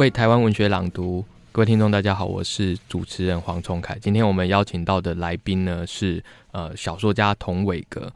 為台灣文學朗讀，各位聽眾，大家好，我是主持人黃崇凱。今天我們邀請到的來賓呢是呃小說家童偉格。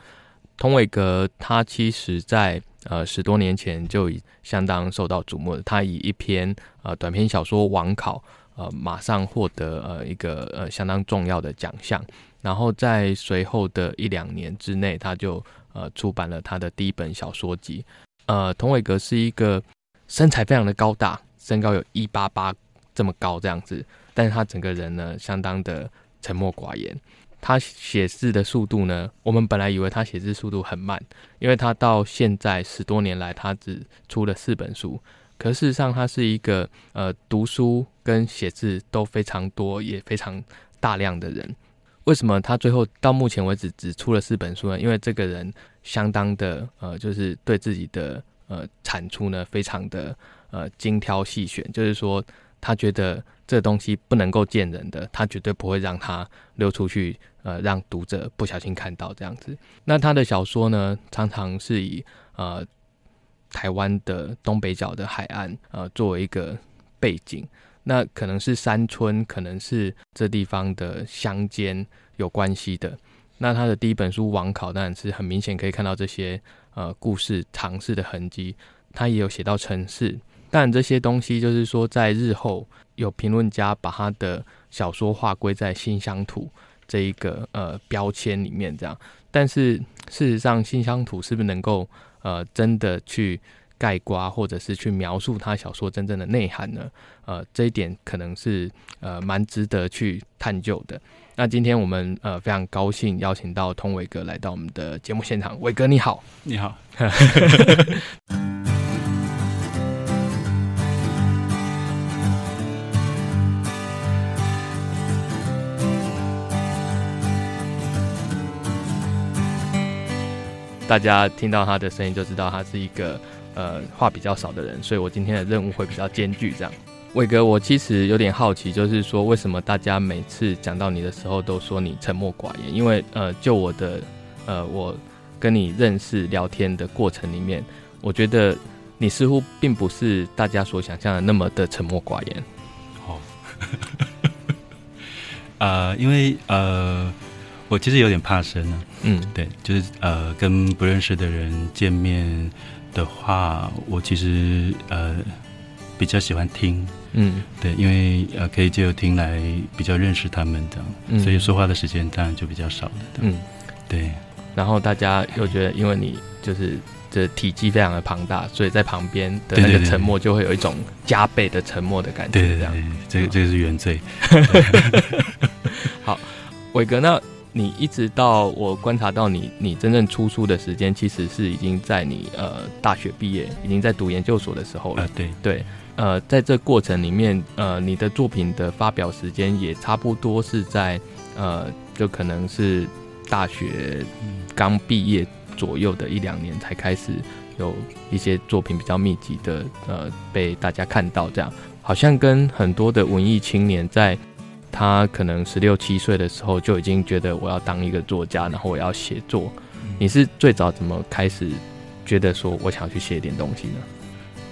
童偉格他其實在呃十多年前就已相當受到矚目，他以一篇呃短篇小說《王考》呃馬上獲得呃一個呃相當重要的獎項，然後在隨後的一兩年之內，他就呃出版了他的第一本小說集。呃，童偉格是一個身材非常的高大。身高有一八八，這麼高這樣子，但是他整個人呢相當的沉默寡言。他寫字的速度呢，我們本來以為他寫字速度很慢，因為他到現在十多年來他只出了四本書。可是事實上他是一個呃讀書跟寫字都非常多也非常大量的人。為什麼他最後到目前為止只出了四本書呢？因為這個人相當的呃，就是對自己的呃產出呢非常的。呃，精挑細選，就是說他覺得這東西不能夠見人的，他絕對不會讓他溜出去，呃，讓讀者不小心看到這樣子。那他的小說呢，常常是以呃台灣的東北角的海岸呃作為一個背景，那可能是山村，可能是這地方的鄉間有關係的。那他的第一本書《王考》呢，是很明顯可以看到這些呃故事嘗試的痕跡，他也有寫到城市。但這些東西就是說，在日後有評論家把他的小說劃歸在新鄉土這一個呃標籤裡面，這樣。但是事實上，新鄉土是不是能夠呃真的去概括或者是去描述他小說真正的內涵呢？呃，這一點可能是呃蠻值得去探究的。那今天我們呃非常高興邀請到童偉格來到我們的節目現場，偉格你好，你好。 大家聽到他的聲音就知道他是一個呃話比較少的人，所以我今天的任務會比較艱鉅。這樣，偉格，我其實有點好奇，就是說為什麼大家每次講到你的時候都說你沉默寡言？因為呃，就我的呃，我跟你認識聊天的過程裡面，我覺得你似乎並不是大家所想象的那麼的沉默寡言。哦，呃，因為呃。Uh... 我其實有點怕生呢、啊。嗯，對，就是呃，跟不認識的人見面的話，我其實呃比較喜歡聽。嗯，對，因為呃可以借由聽來比較認識他們這樣、嗯，所以說話的時間當然就比較少了。嗯，對。然後大家又覺得，因為你就是這體積非常的龐大，所以在旁邊的那個沉默就會有一種加倍的沉默的感覺。對對,對對對，這個這個是原罪。嗯、對 好，偉格呢你一直到，我觀察到你，你真正出書的時間其實是已經在你呃大學畢業，已經在讀研究所的時候了。啊，對對，呃，在這過程裡面，呃，你的作品的發表時間也差不多是在呃，就可能是大學剛畢業左右的一兩年才開始有一些作品比較密集的呃被大家看到，這樣好像跟很多的文藝青年在。他可能十六七歲的時候就已經覺得我要當一個作家，然後我要寫作。嗯，你是最早怎麼開始覺得說我想要去寫點東西呢？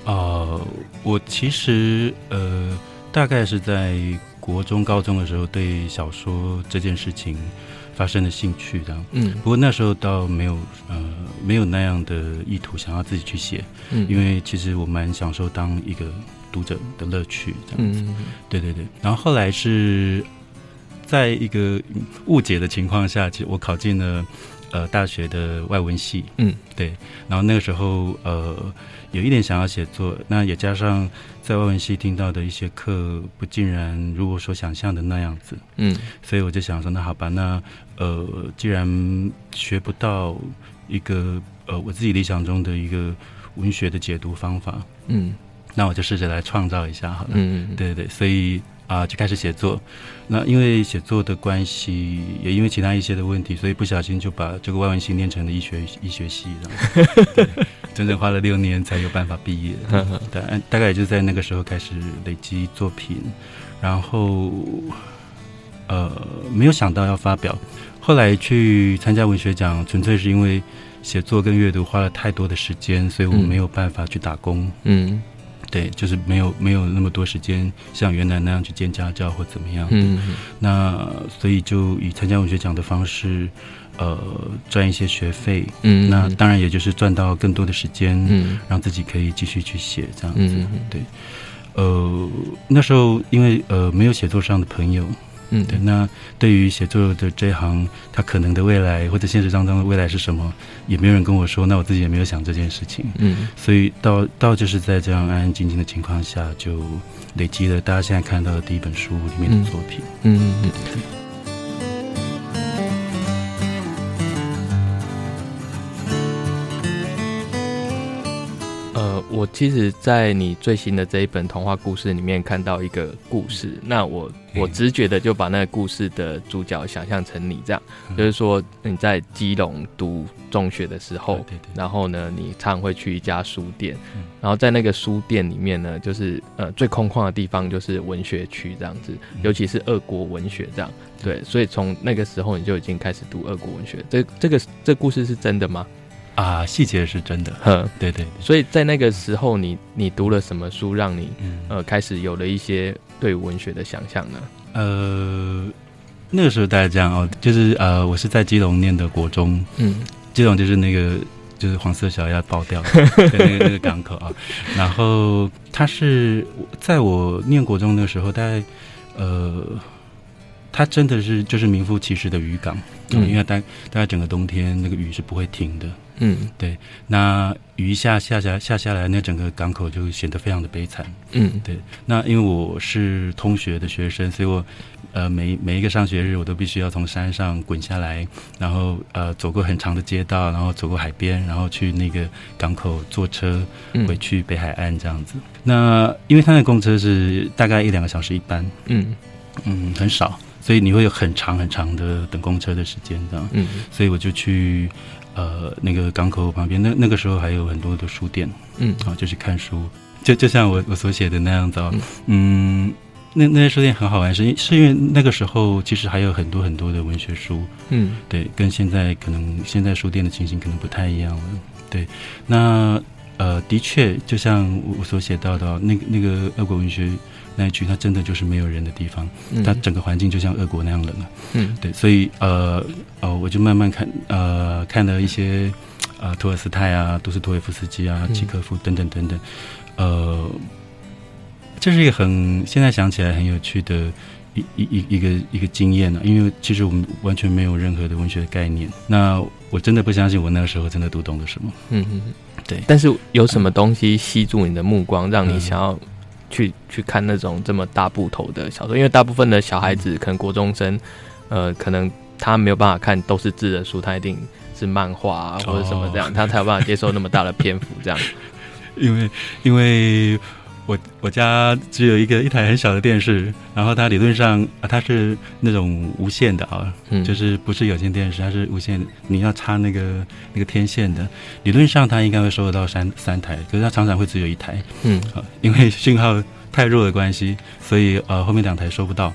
呃，我其實呃，大概是在國中高中的時候對小說這件事情發生了興趣這樣，嗯，不過那時候倒沒有呃沒有那樣的意圖想要自己去寫。嗯，因為其實我蠻享受當一個。讀者的樂趣，這樣子，嗯，對對對。然後後來是在一個誤解的情況下，其實我考進了呃大學的外文系，嗯，對。然後那個時候呃有一點想要寫作，那也加上在外文系聽到的一些課，不盡然如我所想象的那樣子，嗯。所以我就想說，那好吧，那呃既然學不到一個呃我自己理想中的一個文學的解讀方法，嗯。那我就試着來創造一下，好了、嗯，對對，所以啊、呃，就開始寫作。那因為寫作的關係，也因為其他一些的問題，所以不小心就把這個外文系念成了醫學醫學系，然後，對。 整整花了六年才有辦法畢業，大 大概也就在那個時候開始累積作品，然後呃，沒有想到要發表。後來去參加文學獎，純粹是因為寫作跟閱讀花了太多的時間，所以我沒有辦法去打工，嗯。嗯對，就是沒有沒有那麼多時間像原來那樣去兼家教或怎麼樣，嗯，那所以就以參加文學獎的方式，呃，賺一些學費。嗯，那當然也就是賺到更多的時間，嗯，讓自己可以繼續去寫這樣子，嗯。對，呃，那時候因為呃沒有寫作上的朋友。嗯，對。那對於寫作的這行，他可能的未來或者現實當中的未來是什麼，也沒有人跟我說。那我自己也沒有想這件事情。嗯，所以到到就是在這樣安安靜靜的情況下，就累積了大家現在看到的第一本書裡面的作品。嗯嗯嗯。嗯嗯嗯嗯。我其實，在你最新的這一本童話故事裡面看到一個故事，嗯、那我、嗯、我直覺的就把那個故事的主角想象成你這樣，嗯、就是說你在基隆讀中學的時候，對對對。然後呢，你常會去一家書店，嗯，然後在那個書店裡面呢，就是呃最空曠的地方就是文學區這樣子，嗯、尤其是俄國文學這樣，嗯，對，所以從那個時候你就已經開始讀俄國文學，嗯、這這個這故事是真的嗎？啊，細節是真的，呵，對，對對，所以在那個時候你，你你讀了什麼書，讓你、嗯、呃開始有了一些對文學的想象呢？呃，那個時候大概這樣哦，就是呃，我是在基隆念的國中，嗯，基隆就是那個就是黃色小鴨爆掉、嗯、對，那個那個港口啊。 然後他是在我念國中的時候，大概呃，它真的是就是名副其實的雨港，嗯，因為大概大概整個冬天那個雨是不會停的。嗯，對。那雨一下下下下下來，那整個港口就顯得非常的悲慘。嗯，對。那因為我是通學的學生，所以我呃，每每一個上學日，我都必須要從山上滾下來，然後呃，走過很長的街道，然後走過海邊，然後去那個港口坐車回去北海岸這樣子。嗯、那因為它的公車是大概一兩個小時一班，嗯嗯，很少，所以你會有很長很長的等公車的時間這樣。嗯，所以我就去。呃，那個港口旁邊，那那個時候還有很多的書店，嗯，啊，哦，就是看書，就就像我我所寫的那樣子哦，嗯，那那些書店很好玩，是因為是因為那個時候其實還有很多很多的文學書，嗯，對，跟現在可能現在書店的情形可能不太一樣了，對，那呃，的確，就像我，我所寫到的哦，那個那個俄國文學。那一區，它真的就是沒有人的地方，嗯、它整個環境就像俄國那樣冷，嗯，對，所以呃呃，我就慢慢看呃，看了一些呃，托爾斯泰啊，杜斯妥也夫斯基啊，契、嗯、科夫等等等等，呃，這是一個很現在想起來很有趣的一一一個一,一,一,一,一個經驗呢、啊，因為其實我們完全沒有任何的文學概念，那我真的不相信我那個時候真的讀懂了什麼。嗯嗯，對。但是有什麼東西吸住你的目光，嗯、讓你想要？去去看那種這麼大部頭的小說，因為大部分的小孩子可能國中生，呃，可能他沒有辦法看都是字的書，他一定是漫畫啊，或者什麼這樣，oh. 他才有辦法接受那麼大的篇幅這樣。 因為，因為。我我家只有一個一台很小的電視，然後它理論上，啊，它是那種無線的啊，嗯，就是不是有線電視，它是無線，你要插那個那個天線的。理論上它應該會收得到三三台，可是它常常會只有一台，嗯，啊，因為信號太弱的關係，所以呃後面兩台收不到。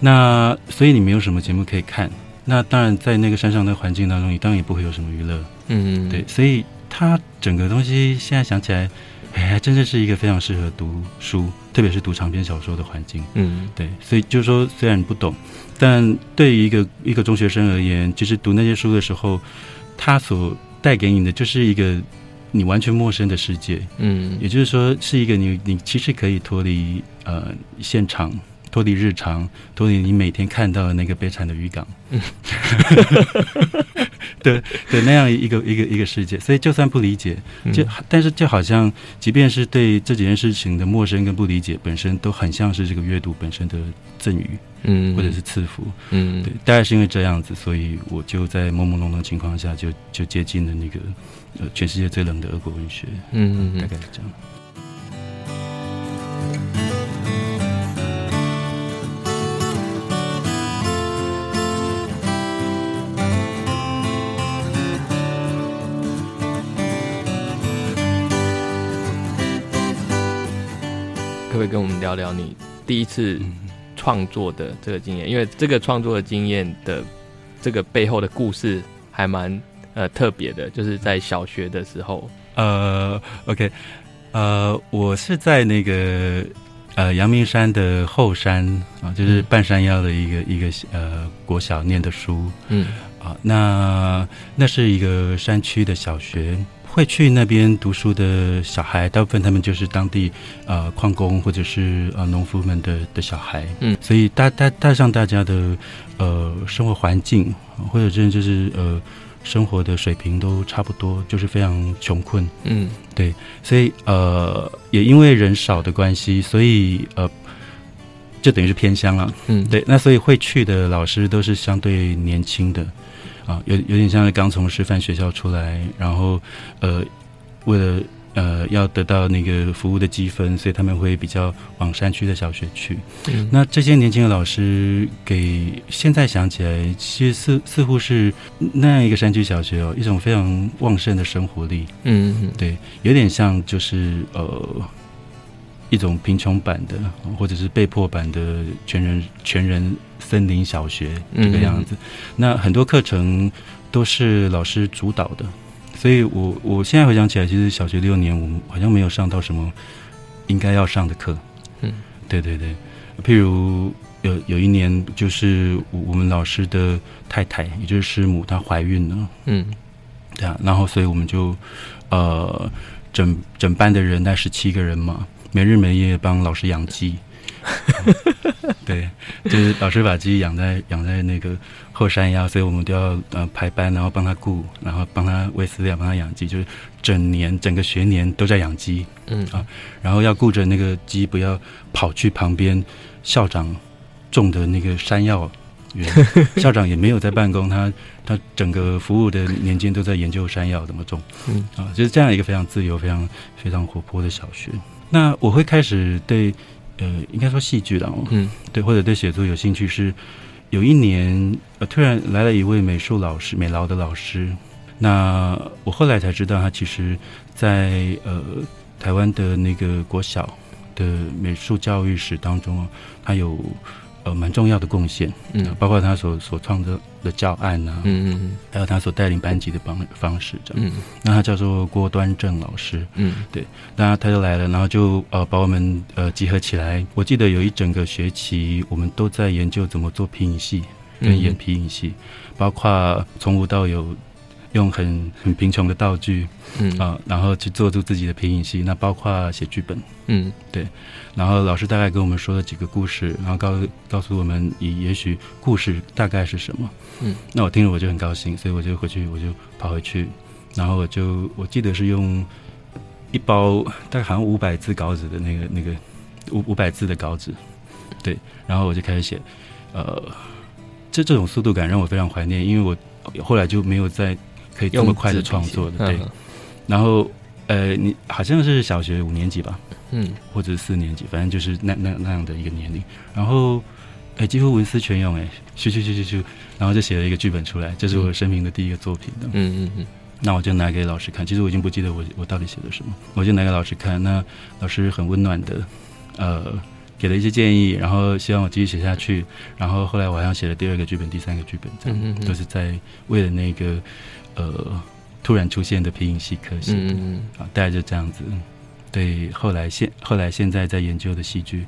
那所以你沒有什麼節目可以看，那當然在那個山上的環境當中，你當然也不會有什麼娛樂，嗯，對，所以它整個東西現在想起來。還、哎、真的是一個非常適合讀書，特別是讀長篇小說的環境。嗯，對，所以就是說，雖然你不懂，但對於一個一個中學生而言，就是讀那些書的時候，它所帶給你的就是一個你完全陌生的世界。嗯，也就是說，是一個你你其實可以脫離呃現場，脫離日常，脫離你每天看到的那個悲慘的漁港。嗯。 對對，那樣一個一個一個世界，所以就算不理解，就、嗯、但是就好像，即便是對這幾件事情的陌生跟不理解，本身都很像是這個閱讀本身的贈予，嗯，或者是賜福，嗯，對，大概是因為這樣子，所以我就在朦朦朧朧情況下就就接近了那個呃，全世界最冷的俄國文學，嗯哼哼嗯，大概是這樣。嗯可不可以跟我們聊聊你第一次創作的這個經驗？嗯，因為這個創作的經驗的這個背後的故事還蠻呃特別的，就是在小學的時候。呃，OK，呃，我是在那個呃陽明山的後山啊、呃，就是半山腰的一個、嗯、一個、一個呃國小念的書。嗯，啊、呃，那那是一個山區的小學。會去那邊讀書的小孩，大部分他們就是當地，呃，礦工或者是呃農夫們的的小孩，嗯，所以帶帶帶上大家的，呃，生活環境或者甚至就是呃生活的水平都差不多，就是非常窮困，嗯，對，所以呃也因為人少的關係，所以呃就等於是偏鄉了，嗯，對，那所以會去的老師都是相對年輕的。啊，有有點像剛從師範學校出來，然後，呃，為了呃要得到那個服務的積分，所以他們會比較往山區的小學去。嗯、那這些年輕的老師給現在想起來，其實似似乎是那樣一個山區小學哦，一種非常旺盛的生活力。嗯，對，有點像就是呃。一種貧窮版的，或者是被迫版的全人全人森林小學，嗯，這個樣子。那很多課程都是老師主導的，所以我我現在回想起來，其實小學六年，我們好像沒有上到什麼應該要上的課。嗯，對對對，譬如有有一年，就是我們老師的太太，也就是師母，她懷孕了。嗯，對啊，然後所以我們就呃，整整班的人，那十七個人嘛。沒日沒夜幫老師養雞，對，就是老師把雞養在養在那個後山呀，所以我們都要呃排班，然後幫他顧，然後幫他餵飼料，幫他養雞，就是整年整個學年都在養雞，嗯啊，然後要顧着那個雞不要跑去旁邊校長種的那個山藥園，校長也沒有在辦公，他他整個服務的年間都在研究山藥怎麼種，嗯啊，就是這樣一個非常自由、非常非常活潑的小學。那我會開始對，呃，應該說戲劇了，哦，嗯，對，或者對寫作有興趣是，有一年，呃，突然來了一位美術老師，美勞的老師。那我後來才知道，他其實在，呃，台灣的那個國小的美術教育史當中，他有。呃，蠻重要的貢獻，嗯，包括他所所創的的教案吶，啊，嗯嗯，還有他所帶領班級的方方式這樣，嗯，那他叫做郭端正老師，嗯，對，那他就來了，然後就呃把我們呃集合起來，我記得有一整個學期我們都在研究怎麼做皮影戲跟演皮影戲，嗯，包括從無到有。用很很貧窮的道具，呃、嗯啊，然後去做出自己的皮影戲，那包括寫劇本，嗯，對，然後老師大概跟我們說了幾個故事，然後告告訴我們也也許故事大概是什麼，嗯，那我聽了我就很高興，所以我就回去，我就跑回去，然後我就我記得是用一包大概好像五百字稿紙的那個那個五五百字的稿紙，對，然後我就開始寫，呃，這這種速度感讓我非常懷念，因為我後來就沒有再。可以這麼快的創作的，對。然後，呃，你好像是小學五年級吧，嗯，或者四年級，反正就是那那那樣的一個年齡。然後，誒，幾乎文思泉湧，哎，咻咻咻咻咻，然後就寫了一個劇本出來，這是我生平的第一個作品的。嗯嗯嗯。那我就拿給老師看，其實我已經不記得我我到底寫的什麼，我就拿給老師看。那老師很溫暖的，呃，給了一些建議，然後希望我繼續寫下去。然後後來我好像寫了第二個劇本，第三個劇本，這樣都是在為了那個。呃，突然出現的皮影戲、科、嗯、戲、嗯嗯，啊，大概就這樣子，對。後來現後來現在在研究的戲劇，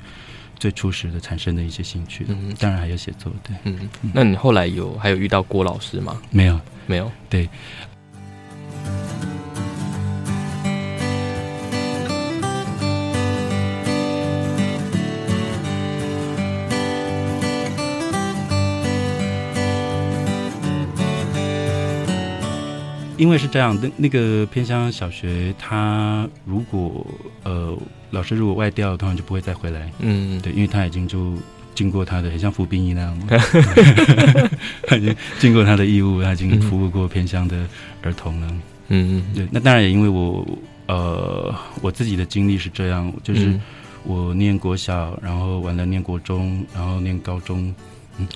最初始的產生的一些興趣嗯嗯，當然還有寫作，對嗯，嗯，那你後來有還有遇到郭老師嗎？沒有，沒有，對。嗯因為是這樣的，那個偏鄉小學，他如果呃老師如果外調，通常就不會再回來。嗯，對，因為他已經就經過他的，很像服兵役那樣， 他已經盡過他的義務，他已經服務過偏鄉的兒童了。嗯，對，那當然也因為我呃我自己的經歷是這樣，就是我念國小，然後完了念國中，然後念高中。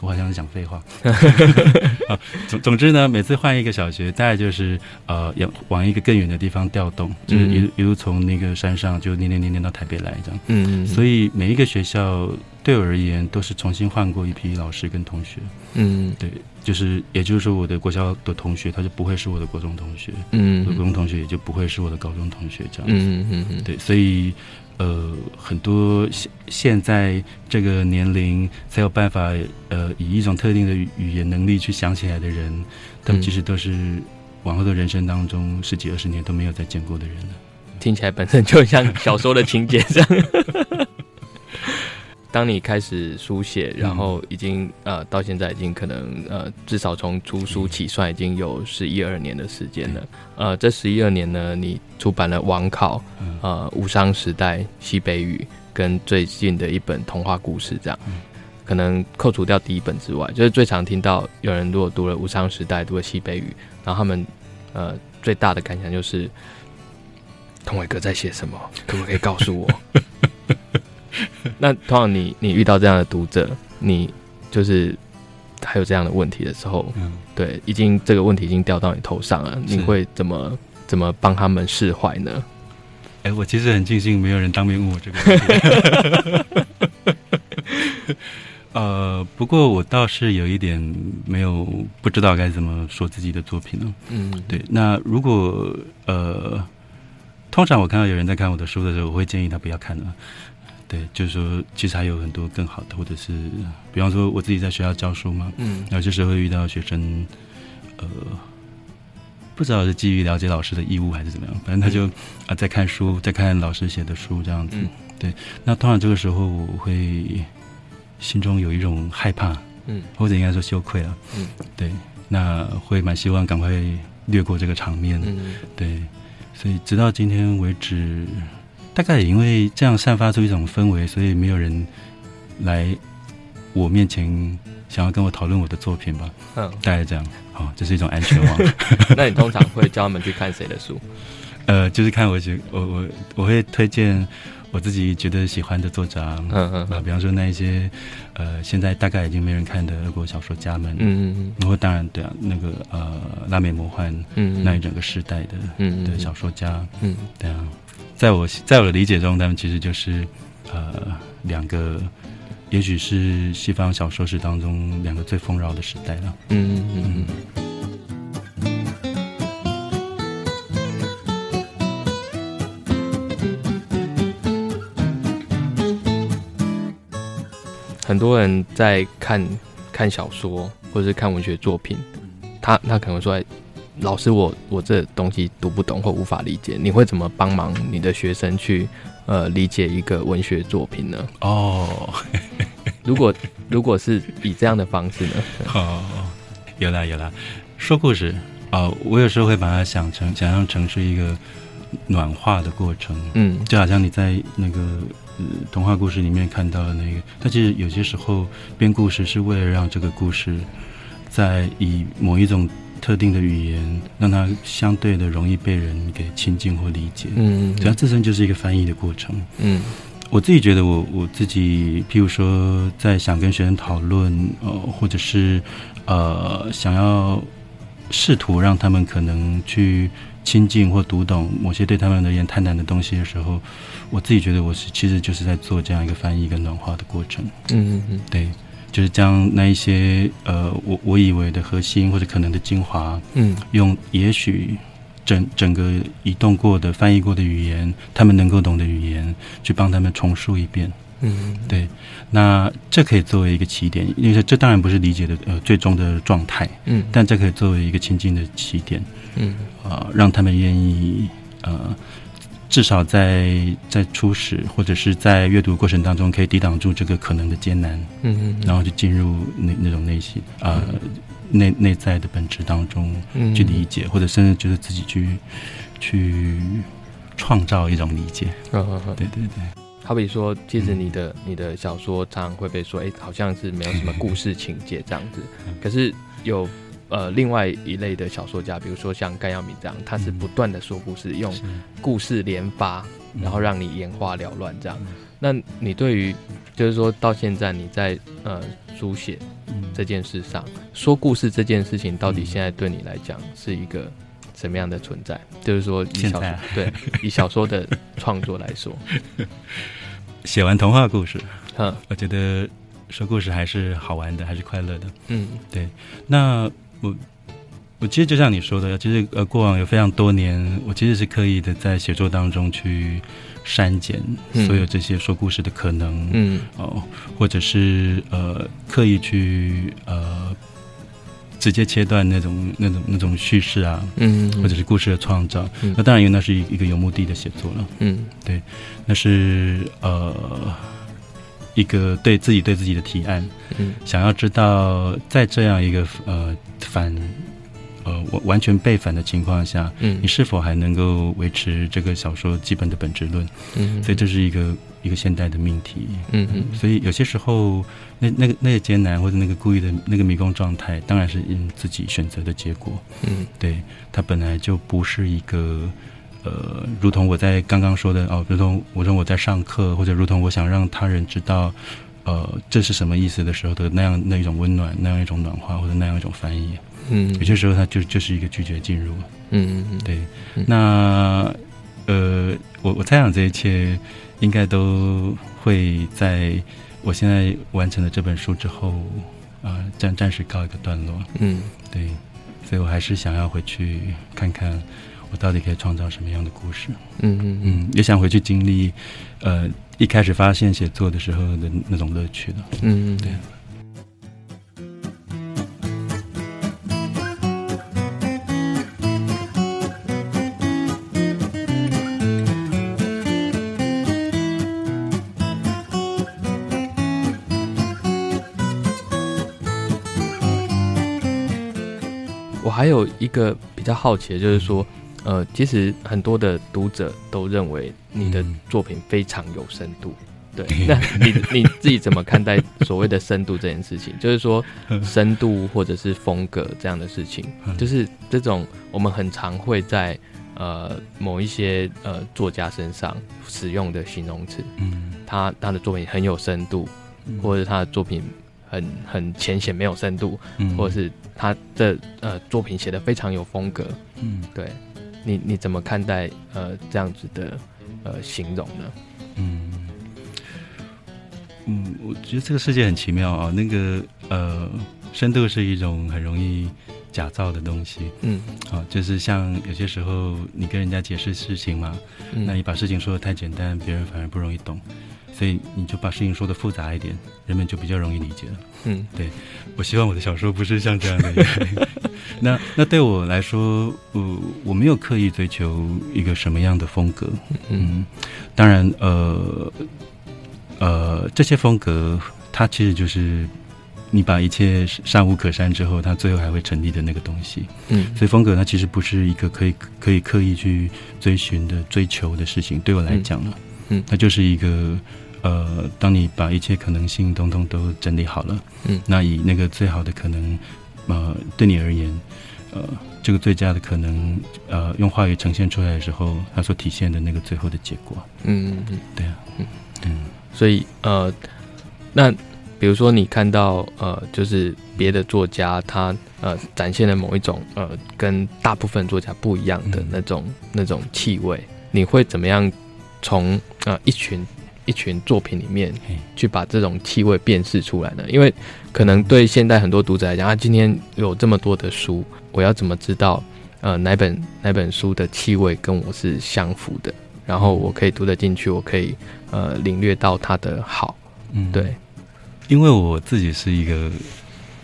我好像是講廢話。 好，總總之呢，每次換一個小學，大概就是呃，要往一個更遠的地方調動，嗯，就是一路從那個山上就念念念念到台北來這樣。嗯，所以每一個學校對我而言都是重新換過一批老師跟同學。嗯，對，就是也就是說，我的國小的同學他就不會是我的國中同學。嗯，我的國中同學也就不會是我的高中同學這樣。嗯嗯嗯，對，所以。呃，很多現現在這個年齡才有辦法，呃，以一種特定的語言能力去想起來的人，他們其實都是往後的人生當中十幾二十年都沒有再見過的人了。聽起來本身就像小說的情節這樣。 當你開始書寫，然後已經、嗯、呃到現在已經可能呃至少從出書起算、嗯、已經有十一二年的時間了。呃，這十一二年呢，你出版了《網考》、嗯、呃《無傷時代》、《西北雨》跟最近的一本《童話故事》這樣、嗯。可能扣除掉第一本之外，就是最常聽到有人如果讀了《無傷時代》、讀了《西北雨》，然後他們呃最大的感想就是：童偉格在寫什麼？可不可以告訴我？ 那通常你，你你遇到這樣的讀者，你就是還有這樣的問題的時候，嗯、對，已經這個問題已經掉到你頭上了，你會怎麼怎麼幫他們釋懷呢？哎、欸，我其實很慶幸沒有人當面問我這個問題。 呃，不過我倒是有一點沒有不知道該怎麼說自己的作品了。嗯，對。那如果呃，通常我看到有人在看我的書的時候，我會建議他不要看了。對，就是說，其實還有很多更好的，或者是，比方說，我自己在學校教書嘛，嗯，然後就是會遇到學生，呃，不知道是基於了解老師的義務還是怎麼樣，反正他就、嗯、啊在看書，在看老師寫的書這樣子、嗯，對。那通常這個時候我會心中有一種害怕，嗯，或者應該說羞愧啊，嗯，對，那會蠻希望趕快略過這個場面，嗯，對，所以直到今天為止。大概也因為這樣散發出一種氛圍，所以沒有人來我面前想要跟我討論我的作品吧。嗯，大概這樣。好、哦、這是一種安全網。 那你通常會叫他們去看誰的書？ 呃，就是看我我我我會推薦我自己覺得喜歡的作者嗯嗯啊，嗯，比方說那一些呃，現在大概已經沒人看的俄國小說家們。嗯嗯嗯。然後當然對啊，那個呃，拉美魔幻嗯嗯嗯，那一、個，整個時代的嗯的，嗯嗯嗯，小說家嗯，這樣。對啊，在我在我的理解中，他們其實就是，呃，兩個，也許是西方小說史當中兩個最豐饒的時代了。嗯嗯嗯，嗯。很多人在看看小說或者是看文學作品，他他可能說。老師我，我我這東西讀不懂或無法理解，你會怎麼幫忙你的學生去呃理解一個文學作品呢？哦、oh, 如果如果是以這樣的方式呢？哦、oh, oh.，有啦有啦，說故事啊、 哦，我有時候會把它想成想象成是一個暖化的過程，嗯，就好像你在那個童話故事裡面看到的那個，但其實有些時候編故事是為了讓這個故事在以某一種。特定的語言，讓它相對的容易被人給親近或理解。嗯，嗯，嗯，主要自身就是一個翻譯的過程。嗯，我自己覺得我，我我自己，譬如說，在想跟學生討論，呃，或者是呃，想要試圖讓他們可能去親近或讀懂某些對他們而言太難的東西的時候，我自己覺得，我是其實就是在做這樣一個翻譯跟暖化的過程。嗯嗯嗯，對。就是將那一些呃，我我以為的核心或者可能的精華，嗯，用也許整整個移動過的翻譯過的語言，他們能夠懂的語言去幫他們重述一遍，嗯，對，那這可以作為一個起點，因為這當然不是理解的呃最終的狀態，嗯，但這可以作為一個親近的起點，嗯，啊，讓他們願意呃。至少在在初始，或者是在閱讀過程當中，可以抵擋住這個可能的艱難，嗯嗯、嗯，然後就進入那那種內心啊內內在的本質當中去理解，嗯、或者甚至就是自己去去創造一種理解、啊啊，對對對，好比說，其實你的、嗯、你的小說常、常會被說，哎、欸，好像是沒有什麼故事情節這樣子，嗯嗯、可是有。呃，另外一類的小說家，比如說像甘耀明這樣，他是不斷的說故事，用故事連發，嗯、然後讓你眼花繚亂。這樣、嗯，那你對於就是說到現在，你在呃書寫這件事上、嗯，說故事這件事情，到底現在對你來講是一個什麼樣的存在？嗯、就是說，以小說，現在、啊、對 以小說的創作來說，寫完童話故事，嗯，我覺得說故事還是好玩的，還是快樂的。嗯，對，那。我，我其實就像你說的，其實呃，過往有非常多年，我其實是刻意的在寫作當中去刪減所有這些說故事的可能，嗯，哦，或者是呃，刻意去呃，直接切斷那種那種那種敘事啊，嗯，嗯，嗯，或者是故事的創造，嗯，那當然因為那是一個有目的的寫作了，嗯，對，那是呃。一個對自己、對自己的提案、嗯嗯，想要知道在這樣一個呃反呃完完全被反的情況下，嗯，你是否還能夠維持這個小說基本的本質論？嗯，所以這是一個、嗯、一個現代的命題。嗯嗯，嗯，所以有些時候那那個那個艱難或者那個故意的那個迷宮狀態，當然是因自己選擇的結果。嗯，對，它本來就不是一個。呃，如同我在剛剛說的哦，如同我說我在上課，或者如同我想讓他人知道，呃，這是什麼意思的時候的那樣那一種溫暖，那樣一種暖化，或者那樣一種翻譯。嗯，有些時候它就就是一個拒絕進入。嗯，嗯對。嗯、那呃，我我猜想這一切應該都會在我現在完成了這本書之後啊、呃，暫暫時告一個段落。嗯，對。所以我還是想要回去看看。我到底可以創造什麼樣的故事？嗯嗯嗯，也想回去經歷，呃，一開始發現寫作的時候的那種樂趣了。嗯嗯，對嗯。我還有一個比較好奇的就是說。呃，其實很多的讀者都認為你的作品非常有深度，嗯、對？那你你自己怎麼看待所謂的深度這件事情、嗯？就是說深度或者是風格這樣的事情，嗯、就是這種我們很常會在呃某一些呃作家身上使用的形容詞，嗯，他他的作品很有深度，或者他的作品很很淺顯沒有深度，或者是他的呃作品寫、嗯、得非常有風格，嗯，對。你你怎麼看待呃這樣子的呃形容呢？嗯嗯，我覺得這個世界很奇妙啊、哦。那個呃，深度是一種很容易假造的東西。嗯，好、哦，就是像有些時候你跟人家解釋事情嘛，嗯、那你把事情說得太簡單，別人反而不容易懂。所以你就把事情說得複雜一點，人們就比較容易理解了。嗯，對，我希望我的小說不是像這樣的。 那那對我來說，我、呃、我沒有刻意追求一個什麼樣的風格。嗯，當然，呃，呃，這些風格，它其實就是你把一切刪無可刪之後，它最後還會成立的那個東西。嗯，所以風格它其實不是一個可以可以刻意去追尋的追求的事情。對我來講呢、嗯，嗯，它就是一個。呃，當你把一切可能性通通都整理好了，嗯，那以那個最好的可能，呃，對你而言，呃，這個最佳的可能，呃，用話語呈現出來的時候，它所體現的那個最後的結果。嗯嗯，對啊，嗯，嗯所以呃，那比如說你看到呃，就是別的作家他呃展現了某一種呃，跟大部分作家不一樣的那種、嗯、那種氣味，你會怎麼樣從呃一群一群作品裡面，去把這種氣味辨識出來的，因為可能對現在很多讀者來講，他、嗯啊、今天有這麼多的書，我要怎麼知道，呃，哪本哪本書的氣味跟我是相符的，然後我可以讀得進去，我可以呃領略到它的好，嗯，對，因為我自己是一個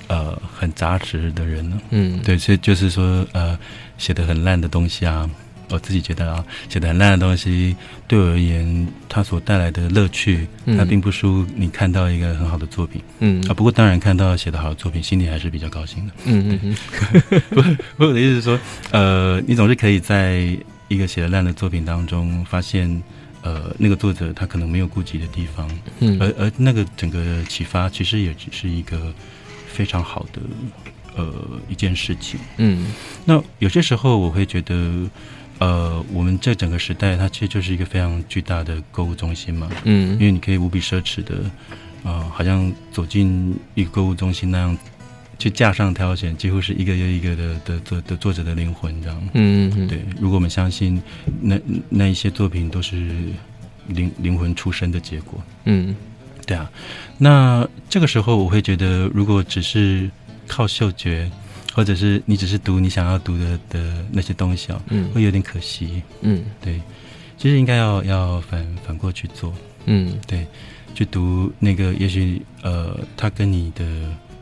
呃很雜食的人呢，嗯，對，所以就是說呃寫得很爛的東西啊。我自己覺得啊，寫的很爛的東西對我而言，它所帶來的樂趣，嗯，它並不輸你看到一個很好的作品。嗯啊，不過當然看到寫的好的作品，心裡還是比較高興的。嗯嗯嗯。不， 我的意思是說，呃，你總是可以在一個寫的爛的作品當中發現，呃，那個作者他可能沒有顧及的地方。嗯。而而那個整個啟發，其實也只是一個非常好的，呃，一件事情。嗯。那有些時候我會覺得。呃，我們這整個時代，它其實就是一個非常巨大的購物中心嘛。嗯，因為你可以無比奢侈的，啊、呃，好像走進一個購物中心那樣，去架上挑選，幾乎是一個又一個的的作的，的作者的靈魂，這樣，嗯嗯嗯。對，如果我們相信那那一些作品都是靈靈魂出身的結果。嗯，對啊。那這個時候，我會覺得，如果只是靠嗅覺。或者是你只是讀你想要讀的的那些東西、哦、嗯，會有點可惜，嗯，對，其實應該要要反反過去做，嗯，對，去讀那個也許呃，它跟你的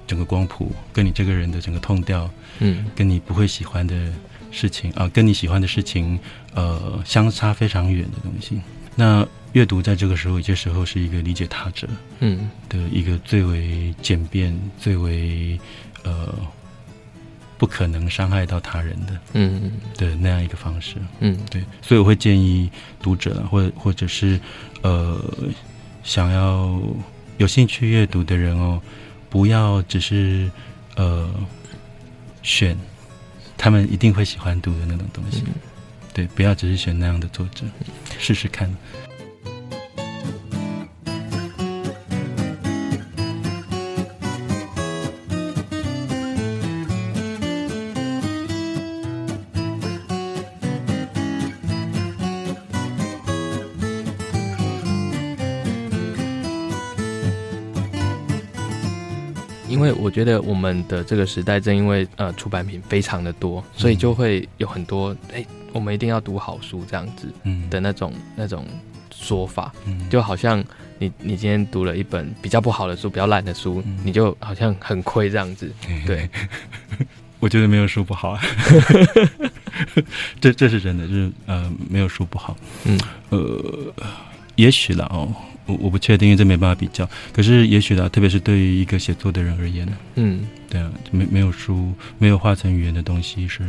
整個光譜，跟你這個人的整個痛調，嗯，跟你不會喜歡的事情啊、呃，跟你喜歡的事情呃，相差非常遠的東西。那閱讀在這個時候，有些時候是一個理解他者，嗯，的一個最為簡便、最為呃。不可能傷害到他人的，嗯，對，那樣一個方式，嗯，對，所以我會建議讀者或，或者或者是呃，想要有興趣閱讀的人哦，不要只是呃選他們一定會喜歡讀的那種東西，嗯、對，不要只是選那樣的作者，試試看。我覺得我們的這個時代正因為呃，出版品非常的多，所以就會有很多哎、欸，我們一定要讀好書這樣子的那種、嗯、那種說法，就好像你你今天讀了一本比較不好的書，比較爛的書，嗯嗯，你就好像很虧這樣子。對，我覺得沒有書不好，啊， 這這是真的是，是呃沒有書不好。嗯，呃。也許了哦，我我不確定，因為這沒辦法比較。可是也許了，特別是對於一個寫作的人而言呢，嗯，對啊，沒沒有書、沒有化成語言的東西是，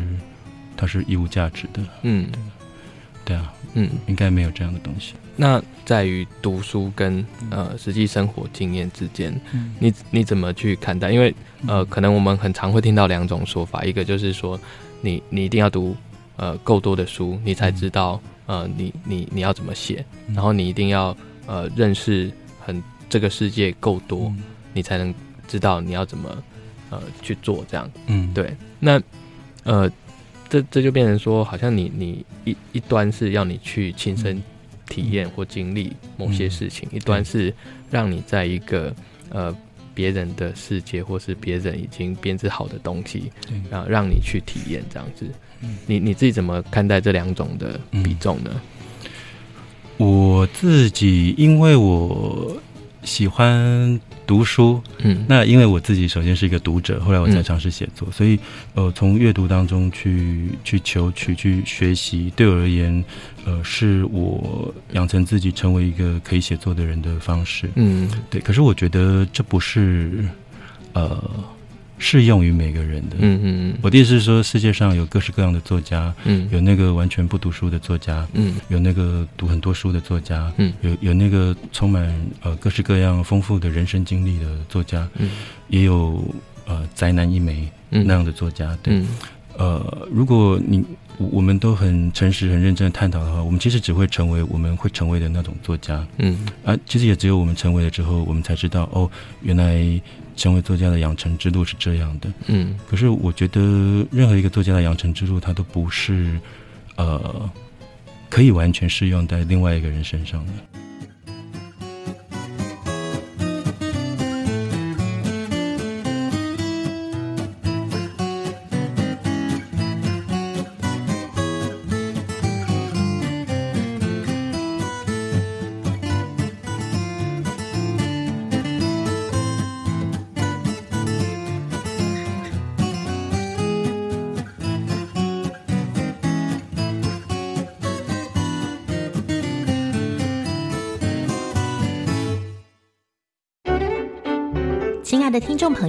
它是一無價值的，嗯對，對啊，嗯，應該沒有這樣的東西。那在於讀書跟呃實際生活經驗之間，嗯，你你怎麼去看待？因為呃，可能我們很常會聽到兩種說法，嗯，一個就是說，你你一定要讀呃夠多的書，你才知道、嗯。呃，你你你要怎麼寫、嗯？然後你一定要呃認識很這個世界夠多、嗯，你才能知道你要怎麼呃去做這樣。嗯，對。那呃，這這就變成說，好像你你一一端是要你去親身體驗或經歷某些事情，嗯嗯、一端是讓你在一個、嗯、呃別人的世界或是別人已經編織好的東西啊，嗯、然後讓你去體驗這樣子。你你自己怎麼看待這兩種的比重呢？嗯，我自己因為我喜歡讀書，嗯，那因為我自己首先是一個讀者，後來我才嘗試寫作，嗯，所以呃，從閱讀當中去去求取去學習，對我而言，呃，是我養成自己成為一個可以寫作的人的方式，嗯，對。可是我覺得這不是呃，適用於每個人的。嗯嗯嗯，我的意思是說，世界上有各式各樣的作家，嗯，有那個完全不讀書的作家，嗯，有那個讀很多書的作家，嗯，有有那個充滿呃各式各樣豐富的人生經歷的作家，嗯，也有呃宅男一枚那樣的作家，嗯，對呃，如果你我們都很誠實、很認真的探討的話，我們其實只會成為我們會成為的那種作家，嗯啊，其實也只有我們成為了之後，我們才知道哦，原來。成為作家的養成之路是這樣的，嗯，可是我覺得任何一個作家的養成之路，他都不是，呃，可以完全適用在另外一個人身上的。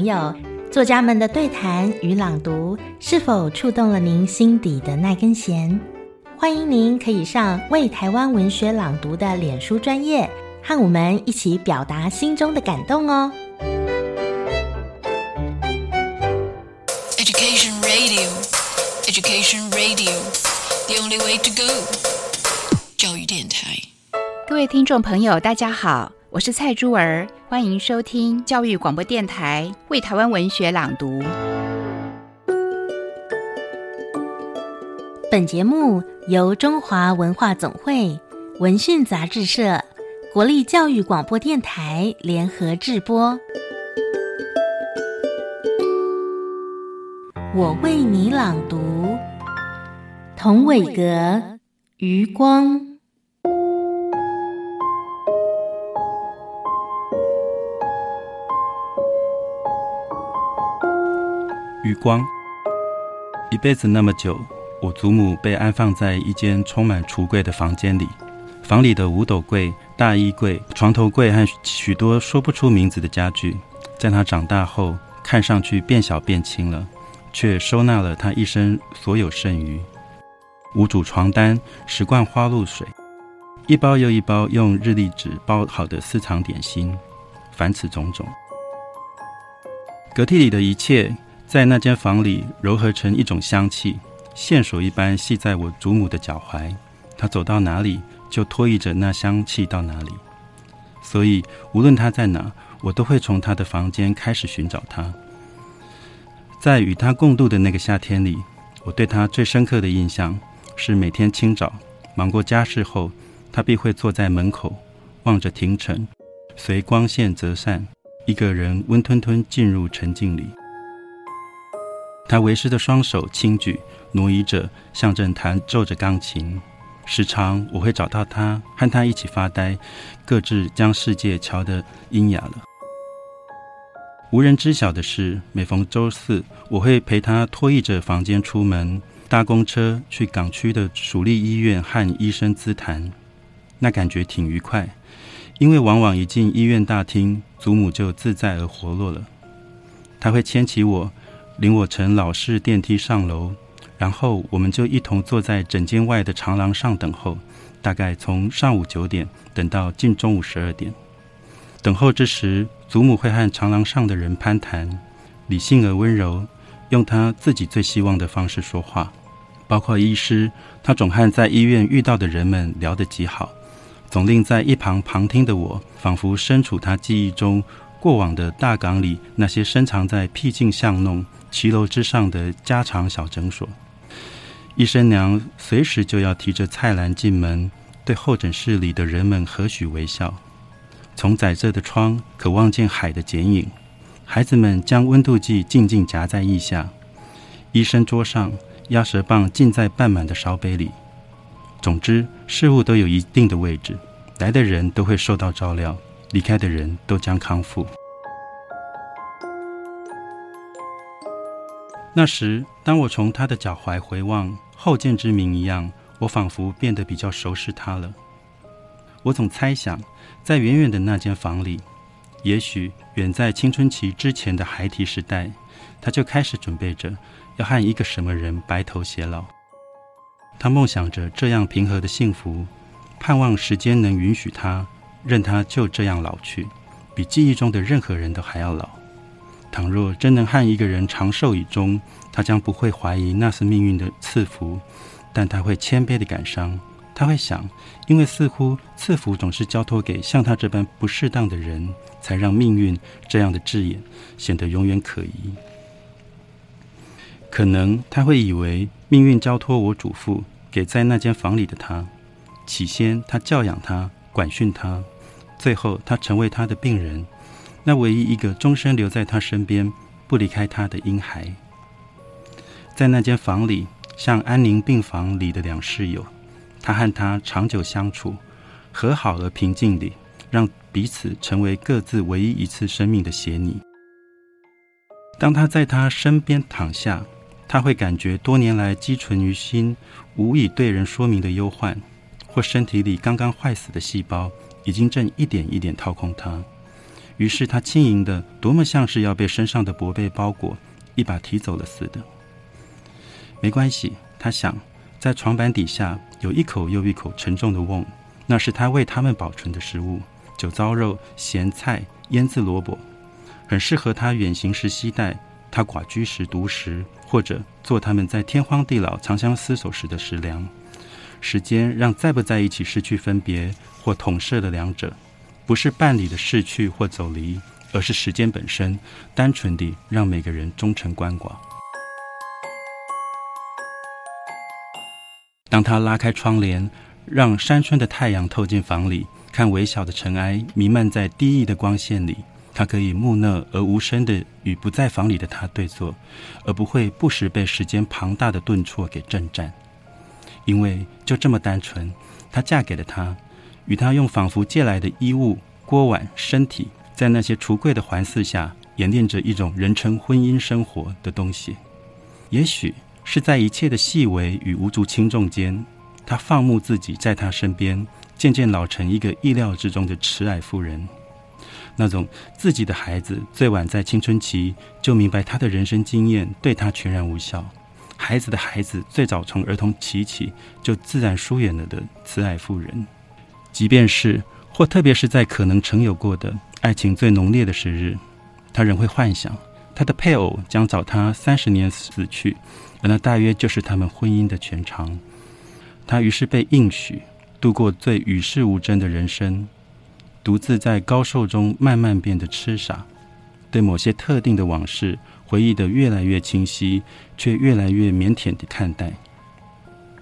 有作家們的對談與朗讀，是否觸動了您心底的那根絃？歡迎您可以上為台灣文學朗讀的臉書專頁，和我們一起表達心中的感動哦。Education Radio, Education Radio, the only way to go。教育電臺，各位聽眾朋友，大家好。我是蔡珠兒，歡迎收聽教育廣播電台《為台灣文學朗讀》。本節目由中華文化總會文訊雜誌社、國立教育廣播電台聯合制播。我為你朗讀《童偉格》，餘光。餘光，一輩子那麼久，我祖母被安放在一間充滿櫥櫃的房間裡，房裡的五斗櫃、大衣櫃、床頭櫃和許多說不出名字的家具，在她長大後看上去變小變輕了，卻收納了她一生所有剩餘：五組床單、十罐花露水、一包又一包用日曆紙包好的私藏點心，凡此種種，隔屜裡的一切。在那間房裡，柔和成一種香氣，線索一般繫在我祖母的腳踝。她走到哪裡，就拖曳着那香氣到哪裡。所以，無論她在哪，我都會從她的房間開始尋找她。在與她共度的那個夏天裡，我對她最深刻的印象是：每天清早忙過家事後，她必會坐在門口，望着庭城，隨光線擇善，一個人溫吞吞進入沉靜裡。他為師的雙手輕舉挪移着，像正彈奏着鋼琴。時常我會找到他，和他一起發呆，各自將世界瞧得陰啞了。無人知曉的是，每逢週四，我會陪他拖曳着房間出門，搭公車去港區的署立醫院和醫生諮談。那感覺挺愉快，因為往往一進醫院大廳，祖母就自在而活絡了。他會牽起我。領我乘老式電梯上樓，然後我們就一同坐在診間外的長廊上等候，大概從上午九點等到近中午十二點。等候之時，祖母會和長廊上的人攀談，理性而溫柔，用她自己最希望的方式說話，包括醫師。她總和在醫院遇到的人們聊得極好，總令在一旁旁聽的我，仿佛身處她記憶中過往的大港裡那些深藏在僻靜巷弄，騎樓之上的家常小診所，醫生娘隨時就要提着菜籃進門，對候診室裡的人們和煦微笑。從窄窄的窗可望見海的剪影，孩子們將溫度計靜靜，靜夾在腋下。醫生桌上壓舌棒浸在半滿的燒杯裡，總之，事物都有一定的位置，來的人都會受到照料，離開的人都將康復。那時，當我從他的腳踝回望，後見之明一樣，我仿佛變得比較熟識他了。我總猜想，在遠遠的那間房裡，也許遠在青春期之前的孩提時代，他就開始準備着要和一個什麼人白頭偕老。他夢想着這樣平和的幸福，盼望時間能允許他，任他就這樣老去，比記憶中的任何人都還要老。倘若真能和一個人長壽以終，他將不會懷疑那是命運的賜福，但他會謙卑的感傷。他會想，因為似乎賜福總是交托給像他這般不適當的人，才讓命運這樣的字眼顯得永遠可疑。可能他會以為，命運交托我祖父給在那間房裡的他，起先他教養他，管訓他，最後他成為他的病人。那唯一一個終身留在他身邊、不離開他的嬰孩，在那間房裡，像安寧病房裡的兩室友，他和他長久相處，和好而平靜地，讓彼此成為各自唯一一次生命的諧擬。當他在他身邊躺下，他會感覺多年來積存於心、無以對人說明的憂患，或身體裡剛剛壞死的細胞，已經正一點一點掏空他。於是他輕盈的，多麼像是要被身上的薄被包裹，一把提走了似的。沒關係，他想，在床板底下有一口又一口沉重的瓮，那是他為他們保存的食物：酒糟肉、鹹菜、醃製蘿蔔，很適合他遠行時攜帶，他寡居時獨食，或者做他們在天荒地老、長相廝守時的食糧。時間讓在不在一起失去分別或統攝的兩者。不是伴侶的逝去或走離，而是時間本身，單純的讓每個人終成鰥寡。當他拉開窗簾，讓山村的太陽透進房裡，看微小的塵埃彌漫在低翳的光線裡，他可以木訥而無聲的與不在房裡的他對坐，而不會不時被時間龐大的頓挫給震顫，因為就這麼單純，他嫁給了他。與他用仿佛借來的衣物、鍋碗、身體，在那些櫥櫃的環伺下演練着一種人稱婚姻生活的東西。也許是在一切的細微與無足輕重間，他放牧自己在他身邊，漸漸老成一個意料之中的慈愛婦人。那種自己的孩子最晚在青春期就明白他的人生經驗對他全然無效，孩子的孩子最早從兒童期起就自然疏遠了的慈愛婦人。即便是或特別是在可能曾有過的愛情最濃烈的時日，他仍會幻想他的配偶將早他三十年死去，而那大約就是他們婚姻的全長。他於是被應許度過最與世無爭的人生，獨自在高壽中慢慢變得痴傻，對某些特定的往事回憶得越來越清晰，卻越來越腼腆地看待。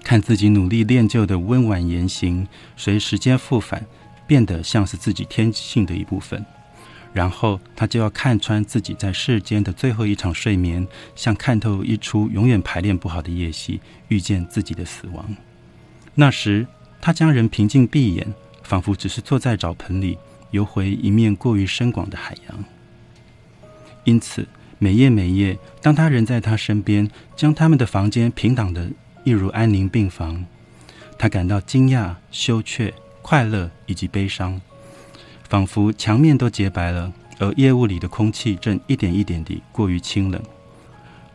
看自己努力練就的溫婉言行，隨時間復返，變得像是自己天性的一部分。然後他就要看穿自己在世間的最後一場睡眠，像看透一出永遠排練不好的夜戲，預見自己的死亡。那時他將人平靜閉眼，仿佛只是坐在澡盆裡，游回一面過於深廣的海洋。因此每夜每夜，當他人在他身邊，將他們的房間平躺的。一如安寧病房，他感到驚訝、羞怯、快樂以及悲傷，仿佛牆面都潔白了，而夜霧裡的空氣正一點一點地過於清冷，